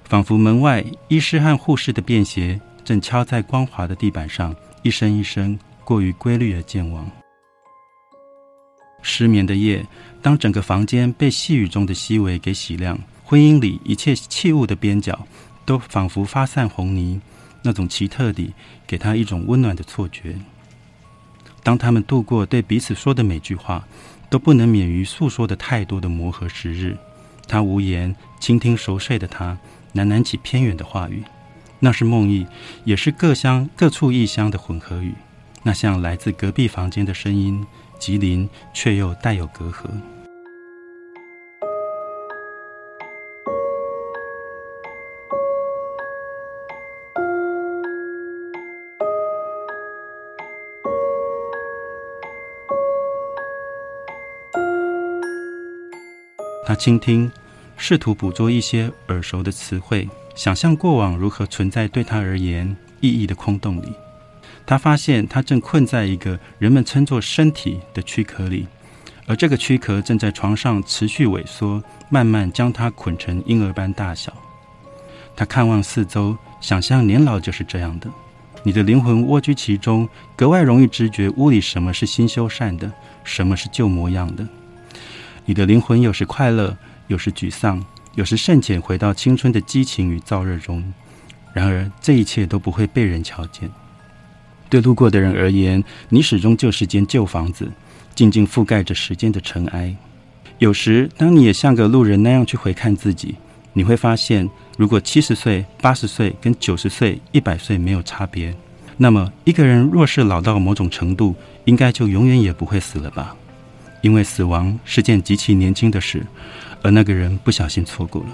仿佛門外醫師和護士的便鞋正敲在光滑的地板上，一聲一聲過於規律而健忘。失眠的夜，當整個房間被細雨中的細微給洗亮，婚姻裡一切器物的邊角都仿佛發散紅泥。那種奇特的，給他一種溫暖的錯覺。當他們度過對彼此說的每句話都不能免於訴說的太多的磨合時日，他無言傾聽熟睡的他，喃喃起偏遠的話語，那是夢囈，也是各鄉各處異鄉的混合語。那像來自隔壁房間的聲音，吉林卻又帶有隔閡。傾聽，試圖捕捉一些耳熟的詞彙，想象過往如何存在對他而言意義的空洞裡。他發現他正困在一個人們稱作身體的軀殼裡，而這個軀殼正在床上持續萎縮，慢慢將他捆成嬰兒般大小。他看望四周，想象年老就是這樣的：你的靈魂蝸居其中，格外容易直覺屋裡什麼是新修繕的，什麼是舊模樣的。你的靈魂有時快樂，有時沮喪，有時瞬間回到青春的激情與燥熱中。然而，這一切都不會被人瞧見。對路過的人而言，你始終就是間舊房子，靜靜覆蓋着時間的塵埃。有時，當你也像個路人那樣去回看自己，你會發現，如果七十歲、八十歲跟九十歲、一百歲沒有差別，那麼一個人若是老到某種程度，應該就永遠也不會死了吧。因為死亡是件極其年輕的事，而那個人不小心錯過了。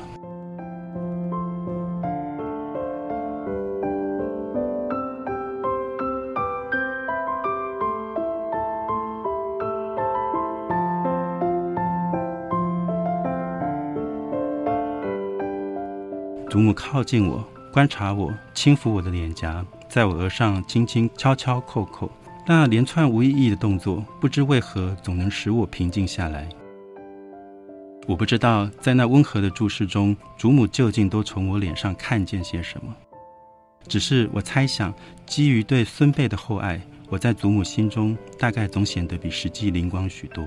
祖母靠近我，觀察我，輕撫我的臉頰，在我額上輕輕敲敲叩叩。那連串無意義的動作，不知為何總能使我平靜下來。我不知道在那溫和的注視中，祖母究竟都從我臉上看見些什麼。只是我猜想，基於對孫輩的厚愛，我在祖母心中大概總顯得比實際靈光許多。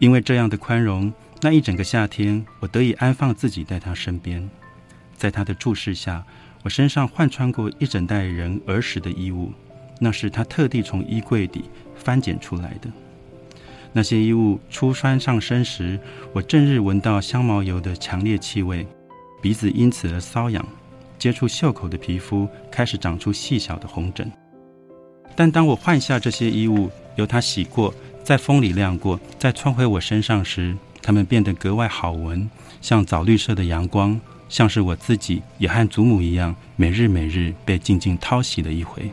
因為這樣的寬容，那一整個夏天，我得以安放自己在她身邊。在她的注視下，我身上換穿過一整代人兒時的衣物。那是他特地從衣櫃底翻撿出來的。那些衣物初穿上身時，我正日聞到香茅油的強烈氣味，鼻子因此而瘙癢，接觸袖口的皮膚開始長出細小的紅疹。但當我換下這些衣物，由他洗過，在風裡晾過，再穿回我身上時，它們變得格外好聞，像棗綠色的陽光，像是我自己也和祖母一樣，每日每日被靜靜淘洗了一回。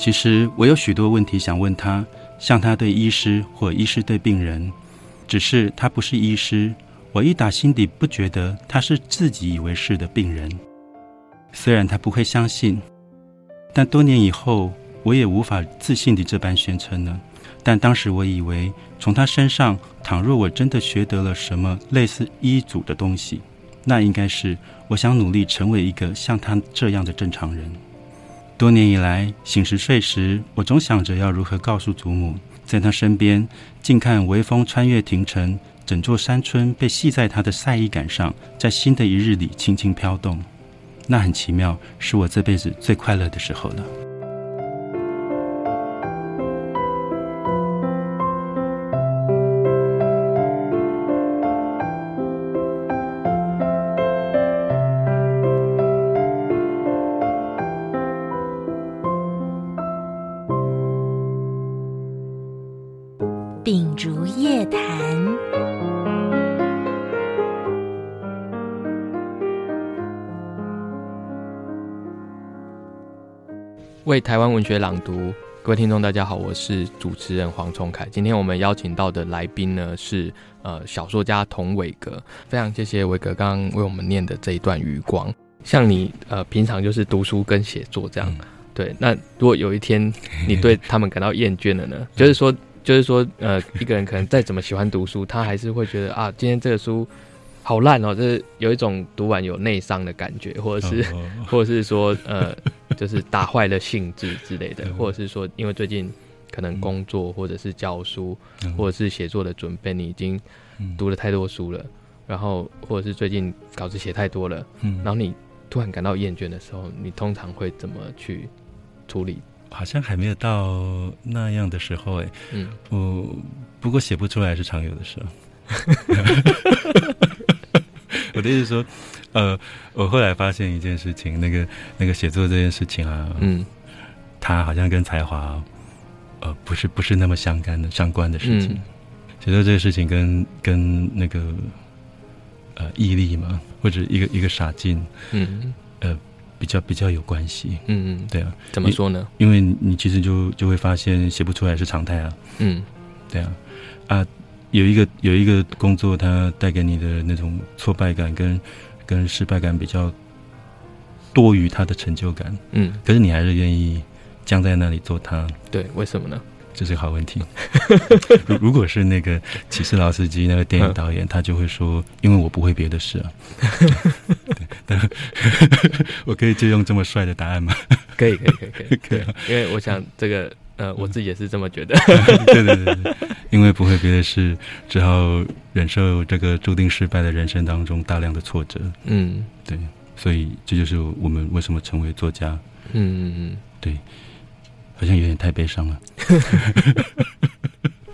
其實我有許多問題想問他，像他對醫師或醫師對病人，只是他不是醫師，我一打心底不覺得他是自己以為是的病人。雖然他不會相信，但多年以後我也無法自信地這般宣稱了。但當時我以為，從他身上，倘若我真的學得了什麼類似醫囑的東西，那應該是我想努力成為一個像他這樣的正常人。多年以來，醒時睡時，我總想着要如何告訴祖母，在她身邊，近看微風穿越亭城，整座山村被繫在她的曬衣桿上，在新的一日裡輕輕飄動。那很奇妙，是我這輩子最快樂的時候了。為台灣文學朗讀，各位聽眾，大家好，我是主持人黃崇凱。今天我們邀請到的來賓呢是呃小說家童偉格，非常謝謝偉格剛剛為我們念的這一段餘光。像你呃平常就是讀書跟寫作這樣，嗯，對。那如果有一天你對他們感到厭倦了呢？嗯，就是說，就是說呃，一個人可能再怎麼喜歡讀書， 他還是會覺得啊，今天這個書好爛哦，就是有一種讀完有內傷的感覺，或者是，或者是說呃。 就是打壞了興致之類的，或者是說，因為最近可能工作，或者是教書，或者是寫作的準備，你已經讀了太多書了、嗯，然後或者是最近稿子寫太多了、嗯，然後你突然感到厭倦的時候，你通常會怎麼去處理？好像還沒有到那樣的時候哎，嗯，我不過寫不出來是常有的事。 我的意思是說。呃，我後來發現一件事情，那個那個寫作這件事情啊，嗯，他好像跟才華，呃，不是不是那麼相干的，相關的事情。嗯。寫作這個事情跟跟那個，呃，毅力嘛，或者一個一個傻勁，嗯，呃，比較比較有關係。嗯嗯，對啊。怎麼說呢？因為你其實就就會發現寫不出來是常態啊。嗯，對啊。啊，有一個有一個工作，它帶給你的那種挫敗感跟，跟失敗感比較多於他的成就感，嗯，可是你還是願意將在那裡做他？對，為什麼呢？這是個好問題。如 如果是那個《騎士老司機》那個電影導演，嗯，他就會說：“因為我不會別的事啊。 對”對但 我可以借用這麼帥的答案嗎 可？可以，可以，可以，可以，可以，因為我想這個。呃，我自己也是這麼覺得。 對對對對，因為不會別的事，只好忍受這個注定失敗的人生當中大量的挫折。嗯，對，所以這就是我們為什麼成為作家。嗯嗯嗯，對，好像有點太悲傷了。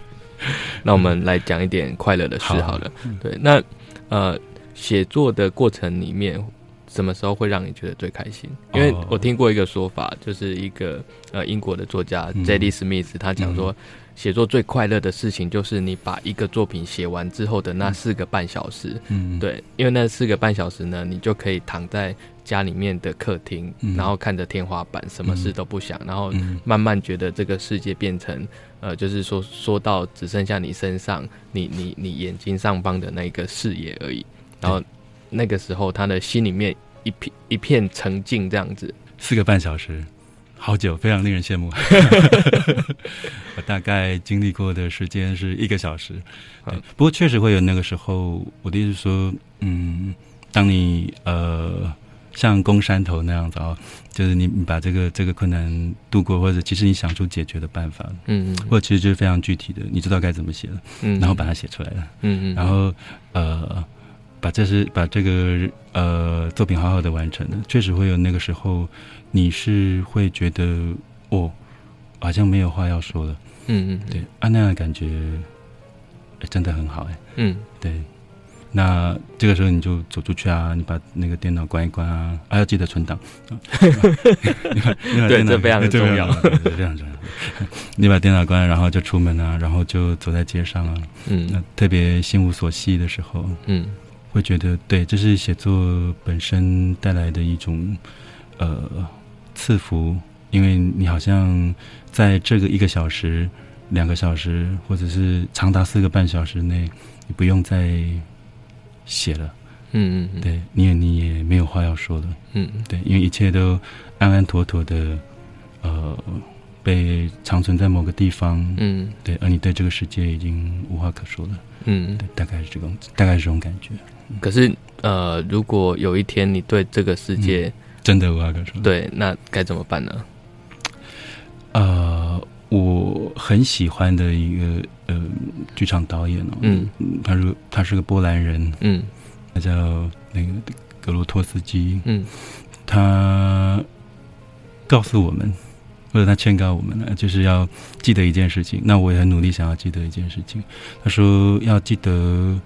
那我們來講一點快樂的事好了。好，嗯，對，那呃，寫作的過程裡面，什麼時候會讓你覺得最開心？因為我聽過一個說法，oh. 就是一個呃英國的作家 J.D. Smith、嗯、他講說，寫、嗯、作最快樂的事情就是你把一個作品寫完之後的那四個半小時。嗯，對，因為那四個半小時呢，你就可以躺在家裡面的客廳，然後看着天花板、嗯，什麼事都不想，然後慢慢覺得這個世界變成呃，就是說說到只剩下你身上，你你你眼睛上方的那個視野而已。然後那個時候，他的心裡面。嗯嗯一片一片沉靜，這樣子。四個半小時，好久，非常令人羨慕。 我大概經歷過的時間是一個小時。不過確實會有那個時候。我的意思是說，嗯，當你呃，像攻山頭那樣子哦，就是你你把這個這個困難度過，或者其實你想出解決的辦法，嗯嗯，或者其實就是非常具體的，你知道該怎麼寫了，嗯，然後把它寫出來了，嗯嗯，然後呃。把這是把這個呃作品好好的完成，確實會有那個時候，你是會覺得哦，我好像沒有話要說的，嗯嗯，對，啊那樣的感覺，欸、真的很好哎、欸，嗯對，那這個時候你就走出去啊，你把那個電腦關一關啊，還、啊、要記得存檔、啊 啊，對，這非常的重要對對對，非常重要，你把電腦關，然後就出門啊，然後就走在街上啊，嗯，那、啊、特別心無所繫的時候，嗯。會覺得，對，這是寫作本身帶來的一種呃賜福，因為你好像在這個一個小時、兩個小時，或者是長達四個半小時內，你不用再寫了，嗯嗯，對，你也你也沒有話要說了，嗯嗯，對，因為一切都安安妥妥的，呃，被長存在某個地方，嗯，對，而你對這個世界已經無話可說了，嗯，對，大概是這種，大概是這種感覺。可是，呃，如果有一天你對這個世界，嗯，真的無法感受，對，那該怎麼辦呢？呃，我很喜歡的一個呃，劇場導演哦，嗯，他是他是個波蘭人，嗯，他叫那個格羅托斯基，嗯，他告訴我們，或者他勸告我們呢，啊，就是要記得一件事情。那我也很努力想要記得一件事情。他說要記得。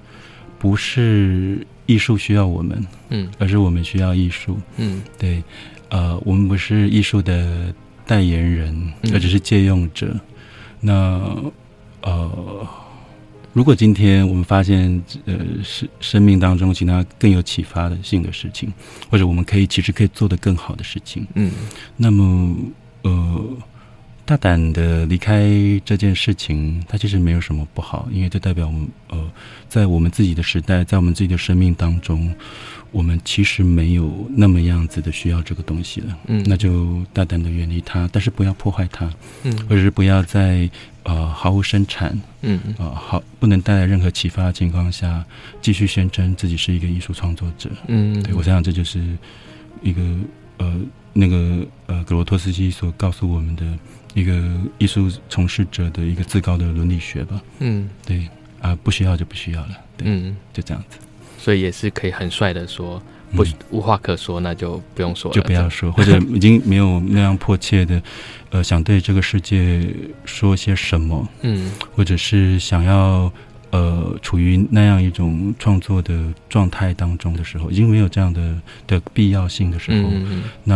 不是藝術需要我們，嗯，而是我們需要藝術，嗯，對，呃，我們不是藝術的代言人，而只是借用者。嗯、那呃，如果今天我們發現呃生生命當中其他更有啟發性的事情，或者我們可以其實可以做得更好的事情，嗯，那麼呃。大膽的離開這件事情，它其實沒有什麼不好，因為這代表我們呃，在我們自己的時代，在我們自己的生命當中，我們其實沒有那麼樣子的需要這個東西了。嗯，那就大膽的遠離它，但是不要破壞它，嗯，或者是不要在呃毫無生產，嗯、呃，好，不能帶來任何啟發的情況下繼續宣稱自己是一個藝術創作者。嗯，嗯，嗯，對，我想想，這就是一個呃，那個呃，格羅托斯基所告訴我們的，一個藝術從事者的一個至高的倫理學吧。嗯，對啊，不需要就不需要了，對。嗯，就這樣子。所以也是可以很帥的說，不、嗯、無話可說，那就不用說了，就不要說，或者已經沒有那樣迫切的， 呃，想對這個世界說些什麼。嗯，或者是想要呃處於那樣一種創作的狀態當中的時候，已經沒有這樣的的必要性的時候，嗯嗯嗯那、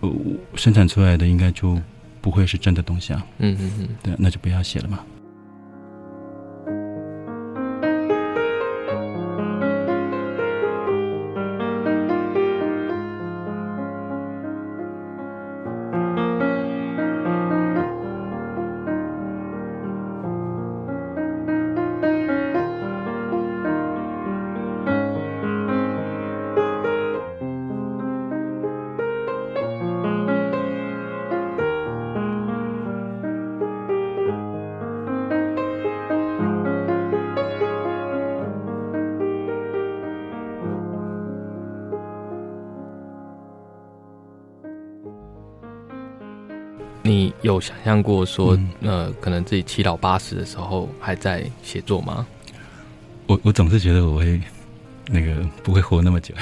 呃、生產出來的應該就。不會是真的東西啊。嗯嗯嗯，對，那就不要寫了嘛。你有想象過說、嗯，呃，可能自己七老八十的時候還在寫作嗎？我我總是覺得我會那個不會活那麼久。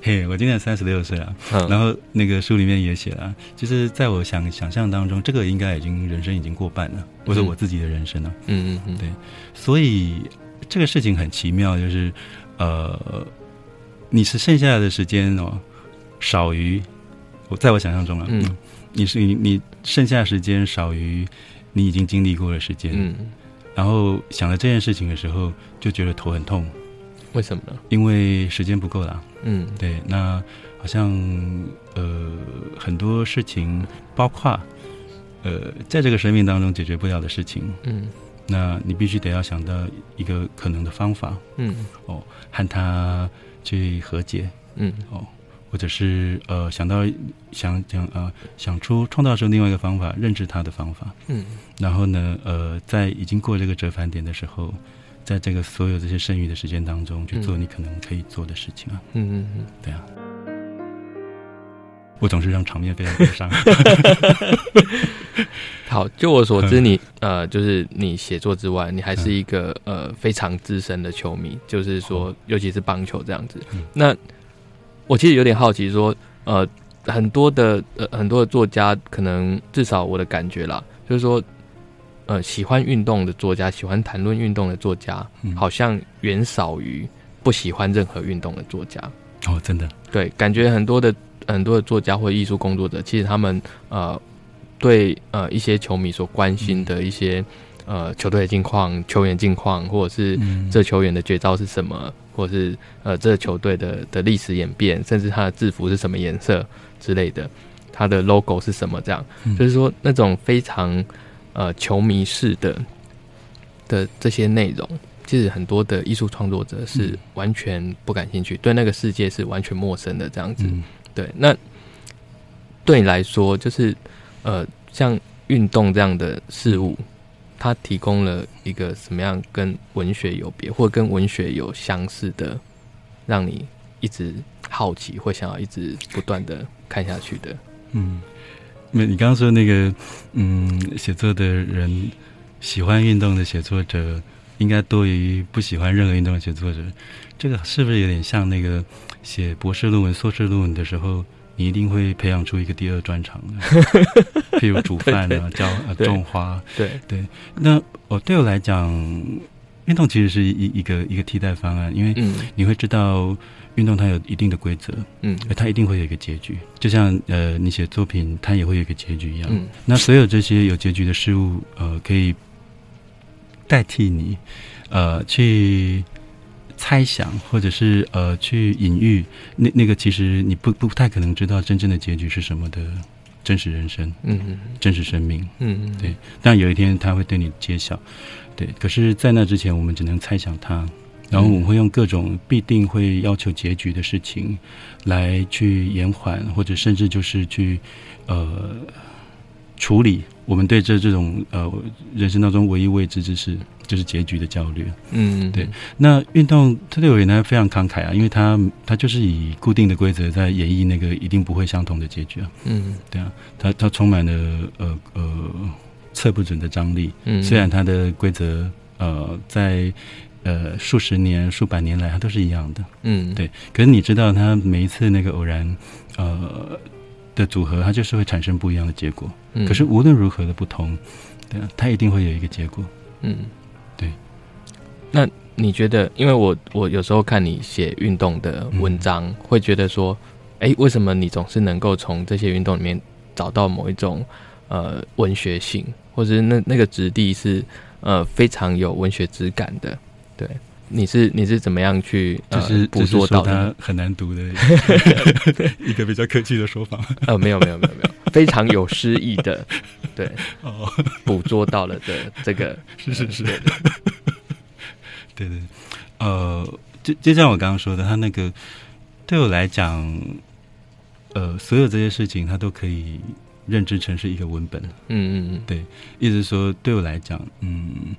嘿、 hey，我今年三十六歲了，然後那個書裡面也寫了，就是在我想想象當中，這個應該已經人生已經過半了，或、嗯、者我，我自己的人生了、啊。嗯嗯嗯，對。所以這個事情很奇妙，就是呃，你是剩下的時間哦，少於我在我想象中了。嗯，你是你，你剩下的時間少於你已經經歷過的時間。嗯，然後想了這件事情的時候，就覺得頭很痛。為什麼呢？因為時間不夠了。嗯，對。那好像呃很多事情，包括呃在這個生命當中解決不了的事情。嗯，那你必須得要想到一個可能的方法。嗯，哦，和他去和解。嗯，哦。或者是呃想到想想、呃、想出創造出另外一個方法，認知它的方法，嗯，然後呢呃在已經過這個折返點的時候，在這個所有這些剩餘的時間當中去做你可能可以做的事情啊，嗯嗯嗯，對啊，我總是讓場面變得悲傷。好，就我所知你，你、嗯、呃就是你寫作之外，你還是一個、嗯、呃非常資深的球迷，就是說、嗯、尤其是棒球這樣子，嗯、那。我其實有點好奇，說，呃，很多的呃，很多的作家，可能至少我的感覺啦，就是說，呃，喜歡運動的作家，喜歡談論運動的作家，嗯，好像遠少於不喜歡任何運動的作家。哦，真的，對，感覺很多的很多的作家或藝術工作者，其實他們呃，對呃一些球迷所關心的一些。嗯呃，球隊的近況、球員近況，或者是這球員的絕招是什麼，嗯、或者是呃，這球隊的的歷史演變，甚至他的制服是什麼顏色之類的，他的 logo 是什麼？這樣，嗯，就是說那種非常呃球迷式的的這些內容，其實很多的藝術創作者是完全不感興趣，嗯，對那個世界是完全陌生的這樣子。嗯、對，那對你來說，就是呃，像運動這樣的事物。嗯他提供了一個什麼樣跟文學有別，或跟文學有相似的，讓你一直好奇或想要一直不斷的看下去的。嗯，那你剛剛說那個，嗯，寫作的人喜歡運動的寫作者，應該多於不喜歡任何運動的寫作者，這個是不是有點像那個寫博士論文、碩士論文的時候？你一定會培養出一個第二專長的，譬如，煮飯啊、澆、 啊、種花。對對，那我對我來講，運動其實是一一個一個替代方案，因為嗯，你會知道運動它有一定的規則，嗯，它一定會有一個結局，就像呃你寫作品它也會有一個結局一樣、嗯。那所有這些有結局的事物，呃，可以代替你呃去。猜想，或者是呃，去隱喻，那那個其實你不不太可能知道真正的結局是什麼的真實人生，嗯嗯，真實生命，嗯嗯，對。但有一天他會對你揭曉，對。可是，在那之前，我們只能猜想他，然後我們會用各種必定會要求結局的事情來去延緩，或者甚至就是去呃處理我們對這這種呃人生當中唯一未知之事，就是結局的焦慮，嗯，對。那運動它對我而言非常慷慨啊，因為它它就是以固定的規則在演繹那個一定不會相同的結局啊，嗯，對啊，它它充滿了呃呃測不準的張力，嗯，雖然它的規則呃在呃數十年數百年來它都是一樣的，嗯，對。可是你知道它每一次那個偶然呃的組合，它就是會產生不一樣的結果，嗯。可是無論如何的不同，對啊，它一定會有一個結果，嗯。那你覺得，因為我我有時候看你寫運動的文章，嗯、會覺得說，哎，為什麼你總是能夠從這些運動裡面找到某一種呃文學性，或者那那個質地是呃非常有文學質感的？對，你是你是怎麼樣去就、呃、是捕捉到的很難讀的， 一個比較客氣的說法？呃，沒有沒有沒有沒有，非常有詩意的， 對，oh. 捕捉到了的這個 是是是、呃。對對，呃，就就像我剛剛說的，他那個對我來講，呃，所有這些事情，他都可以認知成是一個文本。嗯嗯嗯，對，意思是說，對我來講，嗯，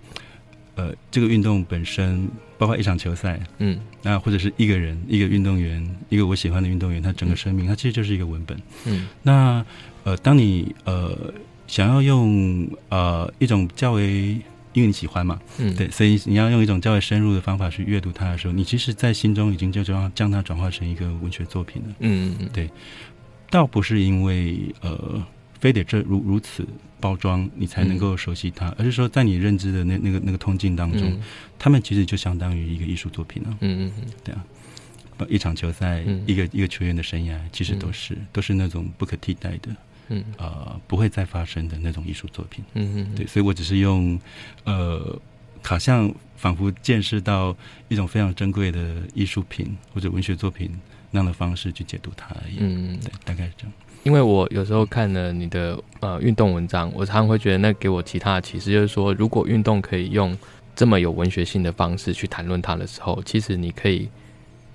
呃，這個運動本身，包括一場球賽，嗯，那，啊，或者是一個人，一個運動員，一個我喜歡的運動員，他整個生命，他，嗯，其實就是一個文本。嗯，那呃，當你呃想要用呃一種較為因為你喜歡嘛，嗯，對，所以你要用一種較為深入的方法去閱讀它的時候，你其實，在心中已經就將將它轉化成一個文學作品了，嗯嗯嗯，對，倒不是因為呃，非得這如如此包裝你才能夠熟悉它，嗯、而是說，在你認知的那那個那個通徑當中，他、嗯、們其實就相當於一個藝術作品了、啊，嗯嗯嗯，對啊，一場球賽，嗯、一個一個球員的生涯，其實都是、嗯、都是那種不可替代的。嗯，呃，不會再發生的那種藝術作品。嗯嗯，對，所以我只是用，呃，好像仿佛見識到一種非常珍貴的藝術品或者文學作品那樣的方式去解讀它而已。嗯，對，大概是這樣。因為我有時候看了你的呃運動文章，我常常會覺得那給我其他的啟示，就是說，如果運動可以用這麼有文學性的方式去談論它的時候，其實你可以，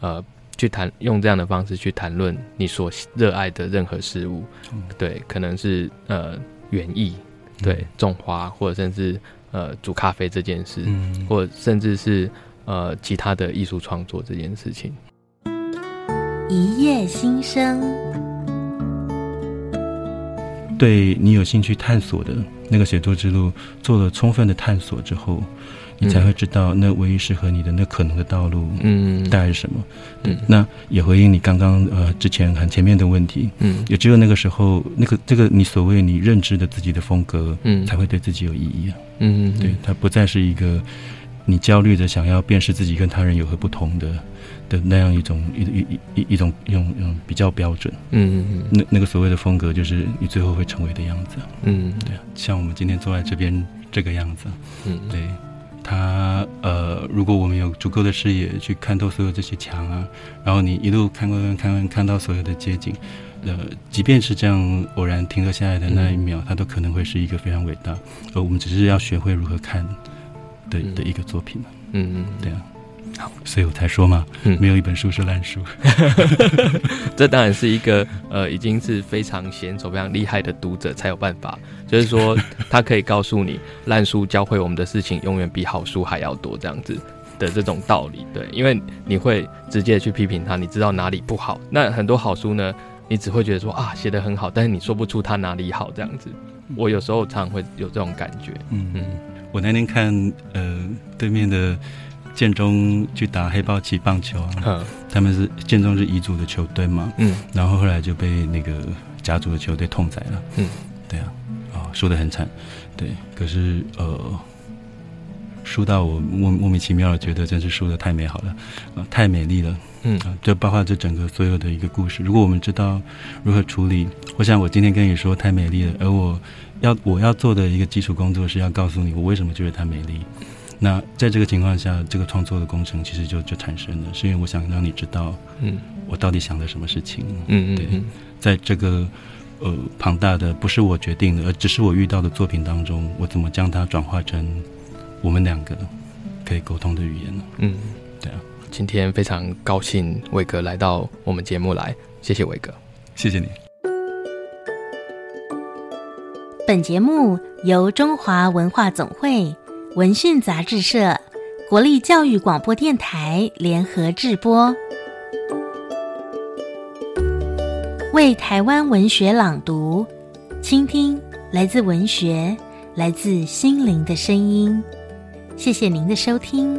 呃。去談用這樣的方式去談論你所熱愛的任何事物，嗯、對，可能是呃園藝，對，種花，或者甚至呃煮咖啡這件事，嗯、或者甚至是呃其他的藝術創作這件事情。一夜新生，對你有興趣探索的那個寫作之路，做了充分的探索之後。你才會知道那唯一適合你的那可能的道路，嗯嗯，帶來什麼？對，那也回應你剛剛呃之前很前面的問題，嗯，也只有那個時候，那個這個你所謂你認知的自己的風格，嗯，才會對自己有意義啊，嗯嗯，對它不再是一個你焦慮的想要辨識自己跟他人有何不同的的那樣一種一一一一種用用比較標準，嗯嗯嗯，那那個所謂的風格就是你最後會成為的樣子，嗯，對，像我們今天坐在這邊這個樣子，嗯，對。他呃，如果我們有足夠的視野去看透所有這些牆啊，然後你一路看過看觀看到所有的街景，呃，即便是這樣偶然停落下來的那一秒，嗯，它都可能會是一個非常偉大，而我們只是要學會如何看的、嗯、的一個作品嗯。嗯，對啊。好，所以我才說嘛，嗯、沒有一本書是爛書。 這當然是一個呃，已經是非常嫻熟、非常厲害的讀者才有辦法。 就是說，他可以告訴你，爛書教會我們的事情，永遠比好書還要多，這樣子的這種道理，對，因為你會直接去批評他，你知道哪裡不好。那很多好書呢，你只會覺得說啊，寫得很好，但是你說不出他哪裡好，這樣子。我有時候常，常會有這種感覺。嗯嗯，我那天看呃，對面的建中去打黑豹旗棒球啊、嗯，他們是建中是乙組的球隊嘛，嗯，然後後來就被那個甲組的球隊痛宰了。嗯，對啊。輸得很慘，對，可是呃，輸到我莫莫名其妙的覺得，真是輸得太美好了！啊、呃，太美麗了，嗯，啊、呃，這包括這整個所有的一個故事。如果我們知道如何處理，我想我今天跟你說太美麗了，而我要我要做的一個基礎工作是要告訴你，我為什麼覺得它美麗。那在這個情況下，這個創作的工程其實就就產生了，是因為我想讓你知道，嗯，我到底想的什麼事情嗯，對，嗯嗯嗯，在這個。呃，龐大的不是我決定的，而只是我遇到的作品當中，我怎麼將它轉化成我們兩個可以溝通的語言呢？嗯，對啊，今天非常高興偉格來到我們節目來，謝謝偉格，謝謝你。本節目由中華文化總會、文訊雜誌社、國立教育廣播電台聯合製播。為台灣文學朗讀，傾聽來自文學，來自心靈的聲音。謝謝您的收聽。